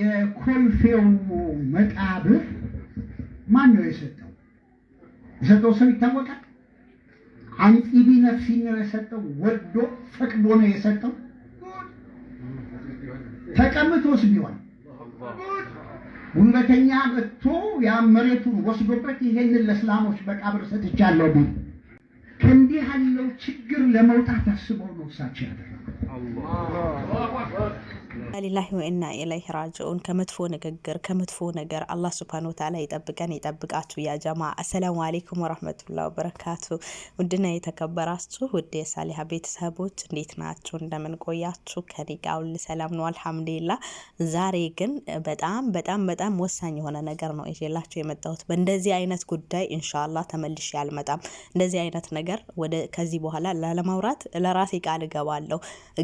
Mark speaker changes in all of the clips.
Speaker 1: የኮልፌው መቃብር ማን ነው የሰጠው? የሰጠው ሰው ይታወቃል። አንጢቢ ነፍሲ ነው የሰጠው። ወዶ ፈቅዶ ነው የሰጠው። ተቀምቶስ ስቢዋል። ጉልበተኛ መጥቶ ያ መሬቱን ወስዶበት ይሄንን ለእስላሞች መቃብር ሰጥቻለሁ ቢል ያለው ችግር ለመውጣት አስቦ ነው እሳቸው ያደረገው።
Speaker 2: ሊላሂ ወኢና ኢለይሂ ራጅዑን። ከመጥፎ ንግግር ከመጥፎ ነገር አላህ ስብሃነ ወተዓላ ይጠብቀን ይጠብቃችሁ። ያ ጀማ አሰላሙ አሌይኩም ወረህመቱላ ወበረካቱ። ውድና የተከበራችሁ ውድ የሳሊሀ ቤተሰቦች እንዴት ናችሁ? እንደምን ቆያችሁ? ከኔ ጋር ሁሉ ሰላም ነው አልሐምዱሊላ። ዛሬ ግን በጣም በጣም በጣም ወሳኝ የሆነ ነገር ነው ይዤላችሁ የመጣሁት። በእንደዚህ አይነት ጉዳይ ኢንሻአላህ ተመልሼ አልመጣም። እንደዚህ አይነት ነገር ወደ ወደ ከዚህ በኋላ ላለማውራት ለራሴ ቃል እገባለሁ።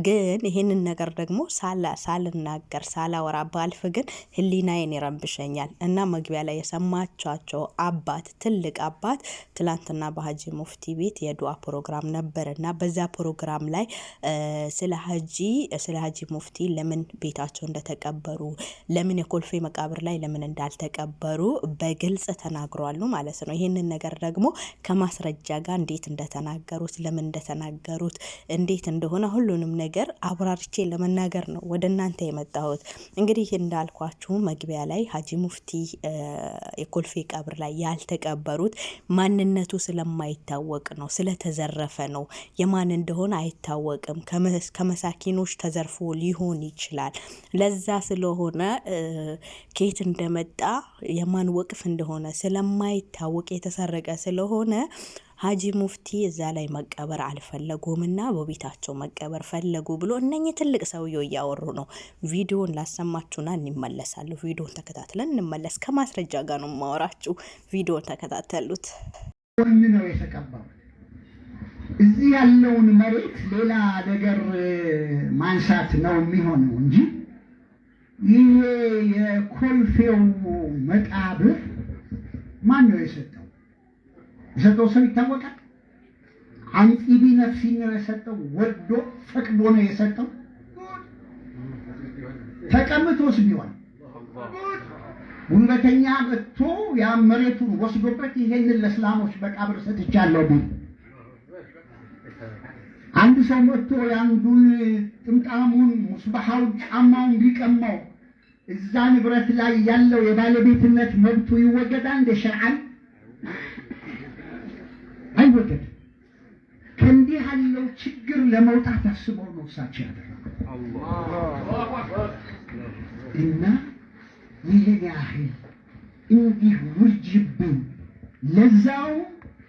Speaker 2: ግን ይህንን ነገር ደግሞ ሳላ ሳልናገር ሳላወራ ባልፍ ግን ህሊናዬን ይረብሸኛል እና መግቢያ ላይ የሰማቸቸው አባት ትልቅ አባት ትላንትና በሀጂ ሙፍቲ ቤት የዱዋ ፕሮግራም ነበር እና በዛ ፕሮግራም ላይ ስለ ሀጂ ስለ ሀጂ ሙፍቲ ለምን ቤታቸው እንደተቀበሩ ለምን የኮልፌ መቃብር ላይ ለምን እንዳልተቀበሩ በግልጽ ተናግሯሉ ማለት ነው። ይህንን ነገር ደግሞ ከማስረጃ ጋር እንዴት እንደተናገ እንደተናገሩት ለምን እንደተናገሩት እንዴት እንደሆነ ሁሉንም ነገር አብራርቼ ለመናገር ነው ወደ እናንተ የመጣሁት። እንግዲህ እንዳልኳችሁ መግቢያ ላይ ሀጂ ሙፍቲ የኮልፌ ቀብር ላይ ያልተቀበሩት ማንነቱ ስለማይታወቅ ነው፣ ስለተዘረፈ ነው። የማን እንደሆነ አይታወቅም። ከመሳኪኖች ተዘርፎ ሊሆን ይችላል። ለዛ ስለሆነ ኬት እንደመጣ የማን ወቅፍ እንደሆነ ስለማይታወቅ የተሰረቀ ስለሆነ ሀጂ ሙፍቲ እዛ ላይ መቀበር አልፈለጉም አልፈለጉምና በቤታቸው መቀበር ፈለጉ ብሎ እነኚህ ትልቅ ሰውየው እያወሩ ነው። ቪዲዮን ላሰማችሁና እንመለሳለሁ። ቪዲዮን ተከታትለን እንመለስ። ከማስረጃ ጋር ነው የማወራችሁ። ቪዲዮን ተከታተሉት።
Speaker 1: ወን ነው የተቀበሩ እዚህ ያለውን መሬት ሌላ ነገር ማንሳት ነው የሚሆነው እንጂ ይሄ የኮልፌው መቃብር ማን ነው የሰጠ? የሰጠው ሰው ይታወቃል። አንጢቢ ነፍሲ ነው የሰጠው። ወዶ ፈቅዶ ነው የሰጠው። ተቀምጦስ ቢሆን ጉልበተኛ መጥቶ ያ መሬቱን ወስዶበት ይሄንን ለእስላሞች በቃብር ሰጥቻለሁ ቢል አንድ ሰው መጥቶ የአንዱን ጥምጣሙን ሙስባሃውን ጫማውን ቢቀማው እዛ ንብረት ላይ ያለው የባለቤትነት መብቱ ይወገዳል እንደ ሸርዓን አይወደድ ከእንዲህ ያለው ችግር ለመውጣት አስበው ነው እሳቸው ያደረገው እና ይህን ያህል እንዲህ ውርጅብን ለዛው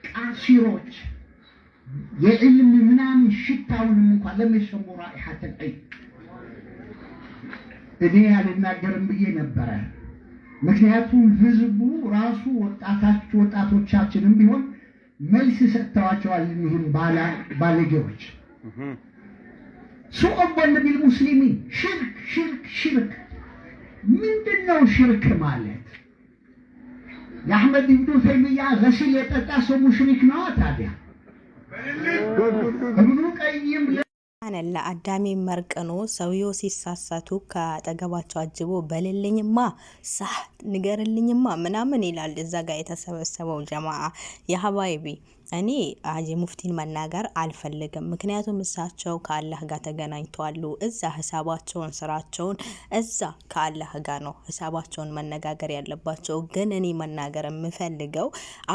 Speaker 1: ቃሲሮች የዕልም ምናምን ሽታውንም እንኳ ለመሸሙ ራኢሐት ልዕልም እኔ አልናገርም ብዬ ነበረ። ምክንያቱም ህዝቡ ራሱ ወጣቶቻችንም ቢሆን መልስ ሰጥተዋቸዋል። እኒህም ባለጌዎች ሱቀወን ቢል ሙስሊሚን ሽርክ ሽርክ ሽርክ። ምንድን ነው ሽርክ ማለት? የአሕመድ ኢብኑ ተይሚያ ገሲል የጠጣ ሰው ሙሽሪክ ነዋ። ታዲያ
Speaker 2: እብኑ ቀይም አነላ አዳሜ መርቅኖ ሰውየው ሲሳሳቱ ከአጠገባቸው አጅቦ በልልኝማ ሳህ ንገርልኝማ ምናምን ይላል። እዛ ጋር የተሰበሰበው ጀማአ የሀባይቢ እኔ ሀጂ ሙፍቲን መናገር አልፈልግም። ምክንያቱም እሳቸው ከአላህ ጋር ተገናኝተዋሉ። እዛ ሂሳባቸውን፣ ስራቸውን እዛ ከአላህ ጋር ነው ሂሳባቸውን መነጋገር ያለባቸው። ግን እኔ መናገር የምፈልገው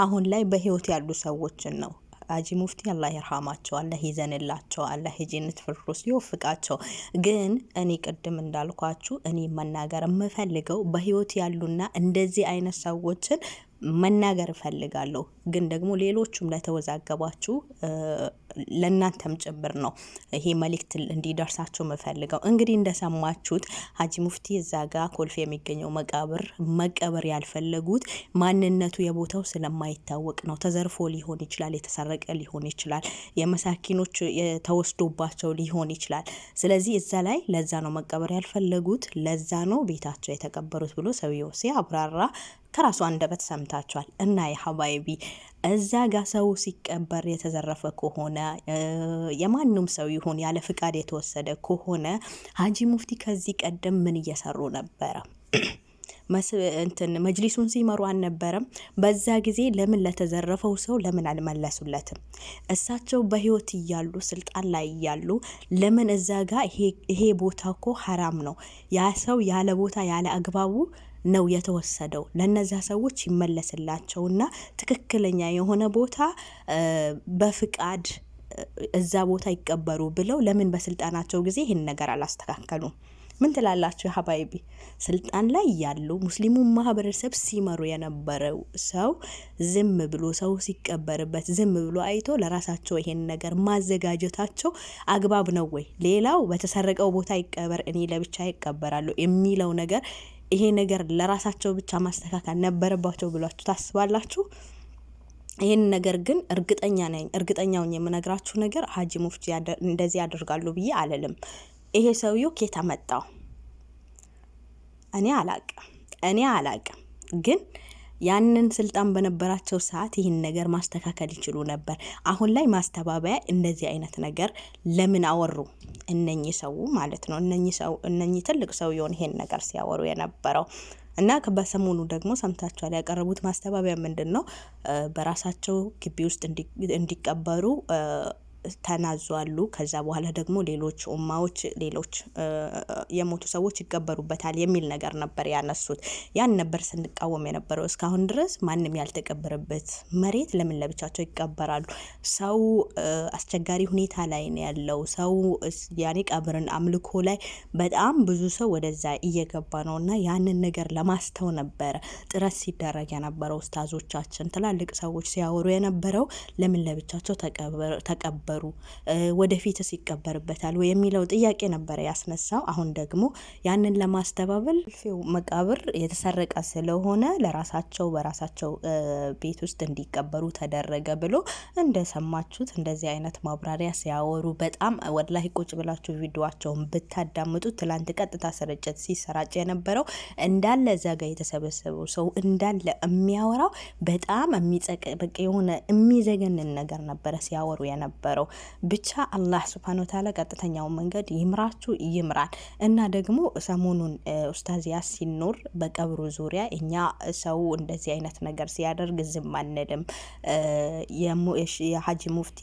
Speaker 2: አሁን ላይ በህይወት ያሉ ሰዎችን ነው። ሀጂ ሙፍቲ አላህ ይርሃማቸው፣ አላህ ይዘንላቸው፣ አላህ የጀነት ፍርዶስ ይወፍቃቸው። ግን እኔ ቅድም እንዳልኳችሁ እኔ መናገር የምፈልገው በህይወት ያሉና እንደዚህ አይነት ሰዎችን መናገር እፈልጋለሁ። ግን ደግሞ ሌሎቹም ለተወዛገባችሁ ለእናንተም ጭምር ነው ይሄ መልእክት እንዲደርሳቸው የምፈልገው። እንግዲህ እንደሰማችሁት ሀጂ ሙፍቲ እዛ ጋ ኮልፌ የሚገኘው መቃብር መቀበር ያልፈለጉት ማንነቱ የቦታው ስለማይታወቅ ነው። ተዘርፎ ሊሆን ይችላል፣ የተሰረቀ ሊሆን ይችላል፣ የመሳኪኖች ተወስዶባቸው ሊሆን ይችላል። ስለዚህ እዛ ላይ ለዛ ነው መቀበር ያልፈለጉት፣ ለዛ ነው ቤታቸው የተቀበሩት ብሎ ሰውየው ሲያብራራ ከራሱ አንደበት ሰምታችኋል እና የሀባይቢ እዛ ጋ ሰው ሲቀበር የተዘረፈ ከሆነ የማንም ሰው ይሁን ያለ ፍቃድ የተወሰደ ከሆነ ሀጂ ሙፍቲ ከዚህ ቀደም ምን እየሰሩ ነበረ? እንትን መጅሊሱን ሲመሩ አልነበረም? በዛ ጊዜ ለምን ለተዘረፈው ሰው ለምን አልመለሱለትም? እሳቸው በህይወት እያሉ ስልጣን ላይ እያሉ ለምን እዛ ጋ ይሄ ቦታ እኮ ሀራም ነው ያ ሰው ያለ ቦታ ያለ አግባቡ ነው የተወሰደው። ለነዚያ ሰዎች ይመለስላቸውና ትክክለኛ የሆነ ቦታ በፍቃድ እዛ ቦታ ይቀበሩ ብለው ለምን በስልጣናቸው ጊዜ ይህን ነገር አላስተካከሉም? ምን ትላላችሁ ሀባይቢ? ስልጣን ላይ ያሉ ሙስሊሙን ማህበረሰብ ሲመሩ የነበረው ሰው ዝም ብሎ ሰው ሲቀበርበት ዝም ብሎ አይቶ ለራሳቸው ይሄን ነገር ማዘጋጀታቸው አግባብ ነው ወይ? ሌላው በተሰረቀው ቦታ ይቀበር፣ እኔ ለብቻ ይቀበራሉ የሚለው ነገር ይሄ ነገር ለራሳቸው ብቻ ማስተካከል ነበረባቸው ብላችሁ ታስባላችሁ? ይህን ነገር ግን እርግጠኛ ነኝ እርግጠኛውን የምነግራችሁ ነገር ሀጂ ሙፍቲ እንደዚህ ያደርጋሉ ብዬ አልልም። ይሄ ሰውዬው ኬታ መጣው እኔ አላቅም እኔ አላቅም ግን ያንን ስልጣን በነበራቸው ሰዓት ይህን ነገር ማስተካከል ይችሉ ነበር። አሁን ላይ ማስተባበያ እንደዚህ አይነት ነገር ለምን አወሩ እነኚህ ሰው ማለት ነው። እነኚህ ትልቅ ሰው የሆን ይሄን ነገር ሲያወሩ የነበረው እና በሰሞኑ ደግሞ ሰምታችኋል። ያቀረቡት ማስተባበያ ምንድን ነው? በራሳቸው ግቢ ውስጥ እንዲቀበሩ ተናዟሉ። ከዛ በኋላ ደግሞ ሌሎች ኡማዎች ሌሎች የሞቱ ሰዎች ይቀበሩበታል የሚል ነገር ነበር ያነሱት። ያን ነበር ስንቃወም የነበረው። እስካሁን ድረስ ማንም ያልተቀበረበት መሬት ለምን ለብቻቸው ይቀበራሉ? ሰው አስቸጋሪ ሁኔታ ላይ ነው ያለው። ሰው ያኔ ቀብርን አምልኮ ላይ በጣም ብዙ ሰው ወደዛ እየገባ ነው እና ያንን ነገር ለማስተው ነበረ ጥረት ሲደረግ የነበረው። ኡስታዞቻችን ትላልቅ ሰዎች ሲያወሩ የነበረው ለምን ለብቻቸው ተቀበሩ ነበሩ፣ ወደፊትስ ይቀበርበታል ወይ የሚለው ጥያቄ ነበረ ያስነሳው። አሁን ደግሞ ያንን ለማስተባበል መቃብር የተሰረቀ ስለሆነ ለራሳቸው በራሳቸው ቤት ውስጥ እንዲቀበሩ ተደረገ ብሎ እንደሰማችሁት እንደዚህ አይነት ማብራሪያ ሲያወሩ በጣም ወላሂ ቁጭ ብላችሁ ቪዲዮቸውን ብታዳምጡት ትላንት ቀጥታ ስርጭት ሲሰራጭ የነበረው እንዳለ ዘጋ ጋ የተሰበሰበው ሰው እንዳለ የሚያወራው በጣም የሚጸቅ በቃ የሆነ የሚዘገንን ነገር ነበረ ሲያወሩ የነበረው። የምንለው። ብቻ አላህ ስብሃነ ወተዓላ ቀጥተኛውን መንገድ ይምራችሁ ይምራል። እና ደግሞ ሰሞኑን ኡስታዝ ያሲን ኑር በቀብሩ ዙሪያ እኛ ሰው እንደዚህ አይነት ነገር ሲያደርግ ዝም አንልም። የሀጂ ሙፍቲ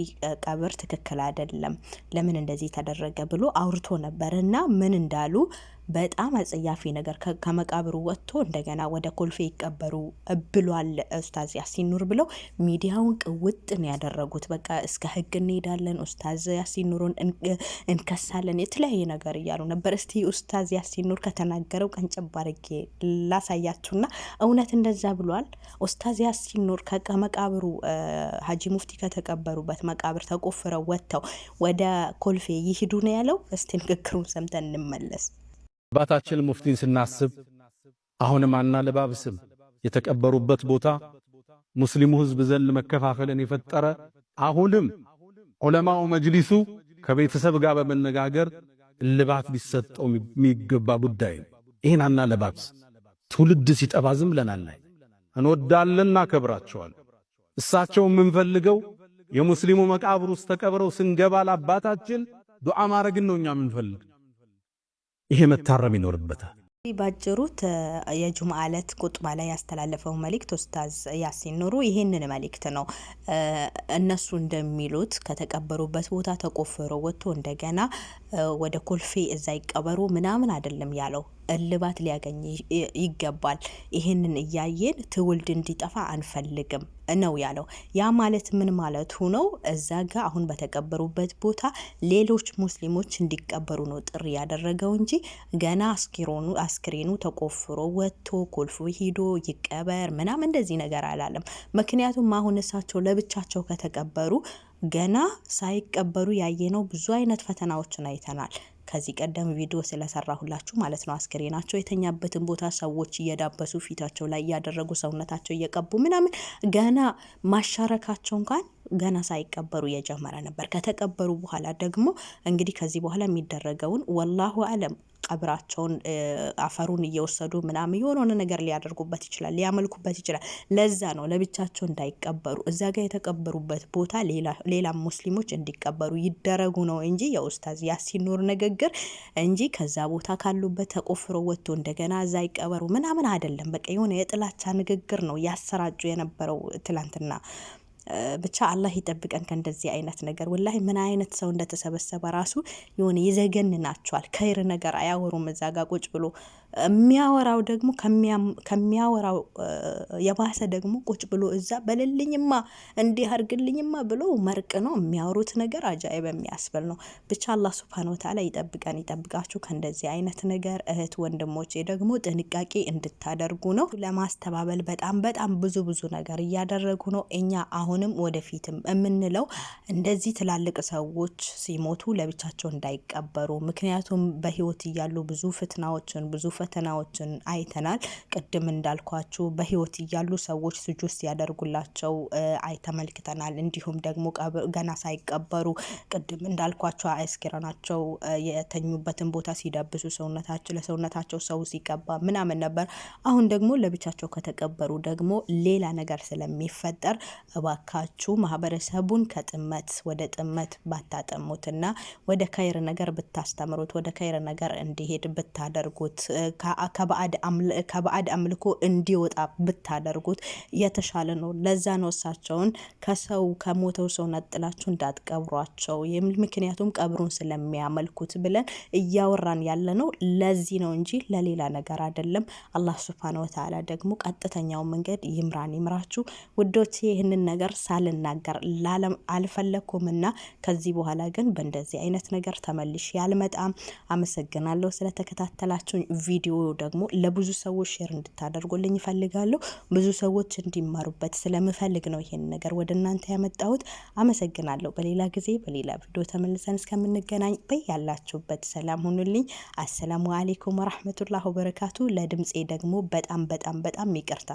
Speaker 2: ቀብር ትክክል አይደለም፣ ለምን እንደዚህ ተደረገ ብሎ አውርቶ ነበር እና ምን እንዳሉ በጣም አጸያፊ ነገር ከመቃብሩ ወጥቶ እንደገና ወደ ኮልፌ ይቀበሩ ብሏል ኡስታዝ ያሲን ኑር ብለው ሚዲያውን ነው ያደረጉት። በቃ እስከ ህግ እንሄዳለን፣ ኡስታዝ ያሲን ኑሩን እንከሳለን፣ የተለያየ ነገር እያሉ ነበር። እስቲ ኡስታዝ ያሲን ኑር ከተናገረው ቀንጨብ አድርጌ ላሳያችሁና እውነት እንደዛ ብሏል ኡስታዝ ያሲን ኑር ከመቃብሩ ሀጂ ሙፍቲ ከተቀበሩበት መቃብር ተቆፍረው ወጥተው ወደ ኮልፌ ይሂዱ ነው ያለው። እስቲ ንግግሩን ሰምተን እንመለስ።
Speaker 3: አባታችን ሙፍቲን ስናስብ አሁንም አና ለባብስም የተቀበሩበት ቦታ ሙስሊሙ ህዝብ ዘንድ መከፋፈልን የፈጠረ አሁንም ዑለማው መጅሊሱ ከቤተሰብ ጋር በመነጋገር እልባት ቢሰጠው የሚገባ ጉዳይ ነው። ይህን ለባብስ ትውልድ ሲጠፋ ዝም ብለን እንወዳለን፣ እናከብራቸዋለን። እሳቸው የምንፈልገው የሙስሊሙ መቃብር ውስጥ ተቀብረው ስንገባ ለአባታችን ዱዓ ማድረግን ነው እኛ የምንፈልግ ይሄ መታረም ይኖርበታል።
Speaker 2: ባጭሩ የጁምአ ዕለት ቁጥባ ላይ ያስተላለፈው መልእክት ኡስታዝ ያሲን ኑሩ ይህንን መልእክት ነው። እነሱ እንደሚሉት ከተቀበሩበት ቦታ ተቆፍሮ ወጥቶ እንደገና ወደ ኮልፌ እዛ ይቀበሩ ምናምን አይደለም ያለው። እልባት ሊያገኝ ይገባል። ይህንን እያየን ትውልድ እንዲጠፋ አንፈልግም ነው ያለው። ያ ማለት ምን ማለቱ ነው? እዛ ጋ አሁን በተቀበሩበት ቦታ ሌሎች ሙስሊሞች እንዲቀበሩ ነው ጥሪ ያደረገው እንጂ ገና አስክሬኑ ተቆፍሮ ወጥቶ ኮልፎ ሂዶ ይቀበር ምናምን እንደዚህ ነገር አላለም። ምክንያቱም አሁን እሳቸው ለብቻቸው ከተቀበሩ ገና ሳይቀበሩ ያየነው ብዙ አይነት ፈተናዎችን አይተናል። ከዚህ ቀደም ቪዲዮ ስለሰራሁላችሁ ማለት ነው። አስክሬናቸው የተኛበትን ቦታ ሰዎች እየዳበሱ ፊታቸው ላይ እያደረጉ ሰውነታቸው እየቀቡ ምናምን ገና ማሻረካቸው እንኳን ገና ሳይቀበሩ እየጀመረ ነበር። ከተቀበሩ በኋላ ደግሞ እንግዲህ ከዚህ በኋላ የሚደረገውን ወላሁ አለም ቀብራቸውን አፈሩን እየወሰዱ ምናምን የሆነውን ነገር ሊያደርጉበት ይችላል፣ ሊያመልኩበት ይችላል። ለዛ ነው ለብቻቸው እንዳይቀበሩ እዛ ጋር የተቀበሩበት ቦታ ሌላ ሙስሊሞች እንዲቀበሩ ይደረጉ ነው እንጂ የኡስታዝ ያሲን ኑር ንግግር እንጂ ከዛ ቦታ ካሉበት ተቆፍሮ ወጥቶ እንደገና እዛ ይቀበሩ ምናምን አይደለም። በቃ የሆነ የጥላቻ ንግግር ነው ያሰራጩ የነበረው ትላንትና ብቻ አላህ ይጠብቀን ከእንደዚህ አይነት ነገር። ወላሂ ምን አይነት ሰው እንደተሰበሰበ ራሱ የሆነ ይዘገንናቸዋል። ከይር ነገር አያወሩም እዛ ጋ ቁጭ ብሎ የሚያወራው ደግሞ ከሚያወራው የባሰ ደግሞ ቁጭ ብሎ እዛ በልልኝማ እንዲህ አርግልኝማ ብሎ መርቅ ነው የሚያወሩት ነገር አጃይብ የሚያስብል ነው። ብቻ አላህ ሱብሃነ ወተዓላ ይጠብቀን፣ ይጠብቃችሁ ከእንደዚህ አይነት ነገር። እህት ወንድሞቼ ደግሞ ጥንቃቄ እንድታደርጉ ነው። ለማስተባበል በጣም በጣም ብዙ ብዙ ነገር እያደረጉ ነው። እኛ አሁን አሁንም ወደፊትም የምንለው እንደዚህ ትላልቅ ሰዎች ሲሞቱ ለብቻቸው እንዳይቀበሩ፣ ምክንያቱም በህይወት እያሉ ብዙ ፍትናዎችን ብዙ ፈተናዎችን አይተናል። ቅድም እንዳልኳችሁ በህይወት እያሉ ሰዎች ስጁድ ያደርጉላቸው አይተመልክተናል። እንዲሁም ደግሞ ገና ሳይቀበሩ ቅድም እንዳልኳቸው አስክሬናቸው የተኙበትን ቦታ ሲደብሱ ሰውነታቸው ለሰውነታቸው ሰው ሲቀባ ምናምን ነበር። አሁን ደግሞ ለብቻቸው ከተቀበሩ ደግሞ ሌላ ነገር ስለሚፈጠር እባካ እባካችሁ ማህበረሰቡን ከጥመት ወደ ጥመት ባታጠሙትና ወደ ከይር ነገር ብታስተምሩት፣ ወደ ከይር ነገር እንዲሄድ ብታደርጉት፣ ከባዕድ አምልኮ እንዲወጣ ብታደርጉት የተሻለ ነው። ለዛ ነው እሳቸውን ከሰው ከሞተው ሰው ነጥላችሁ እንዳትቀብሯቸው ምክንያቱም ቀብሩን ስለሚያመልኩት ብለን እያወራን ያለ ነው። ለዚህ ነው እንጂ ለሌላ ነገር አይደለም። አላህ ሱብሃነ ወተዓላ ደግሞ ቀጥተኛው መንገድ ይምራን ይምራችሁ ውዶች። ይህንን ነገር ነገር ሳልናገር ላለም አልፈለግኩምና ከዚህ በኋላ ግን በእንደዚህ አይነት ነገር ተመልሽ አልመጣም። አመሰግናለሁ ስለተከታተላችሁኝ። ቪዲዮ ደግሞ ለብዙ ሰዎች ሼር እንድታደርጉልኝ ይፈልጋለሁ። ብዙ ሰዎች እንዲማሩበት ስለምፈልግ ነው ይሄን ነገር ወደ እናንተ ያመጣሁት። አመሰግናለሁ። በሌላ ጊዜ በሌላ ቪዲዮ ተመልሰን እስከምንገናኝ በያላችሁበት ሰላም ሁኑልኝ። አሰላሙ አሌይኩም ወራህመቱላሁ በረካቱ። ለድምፄ ደግሞ በጣም በጣም በጣም ይቅርታ።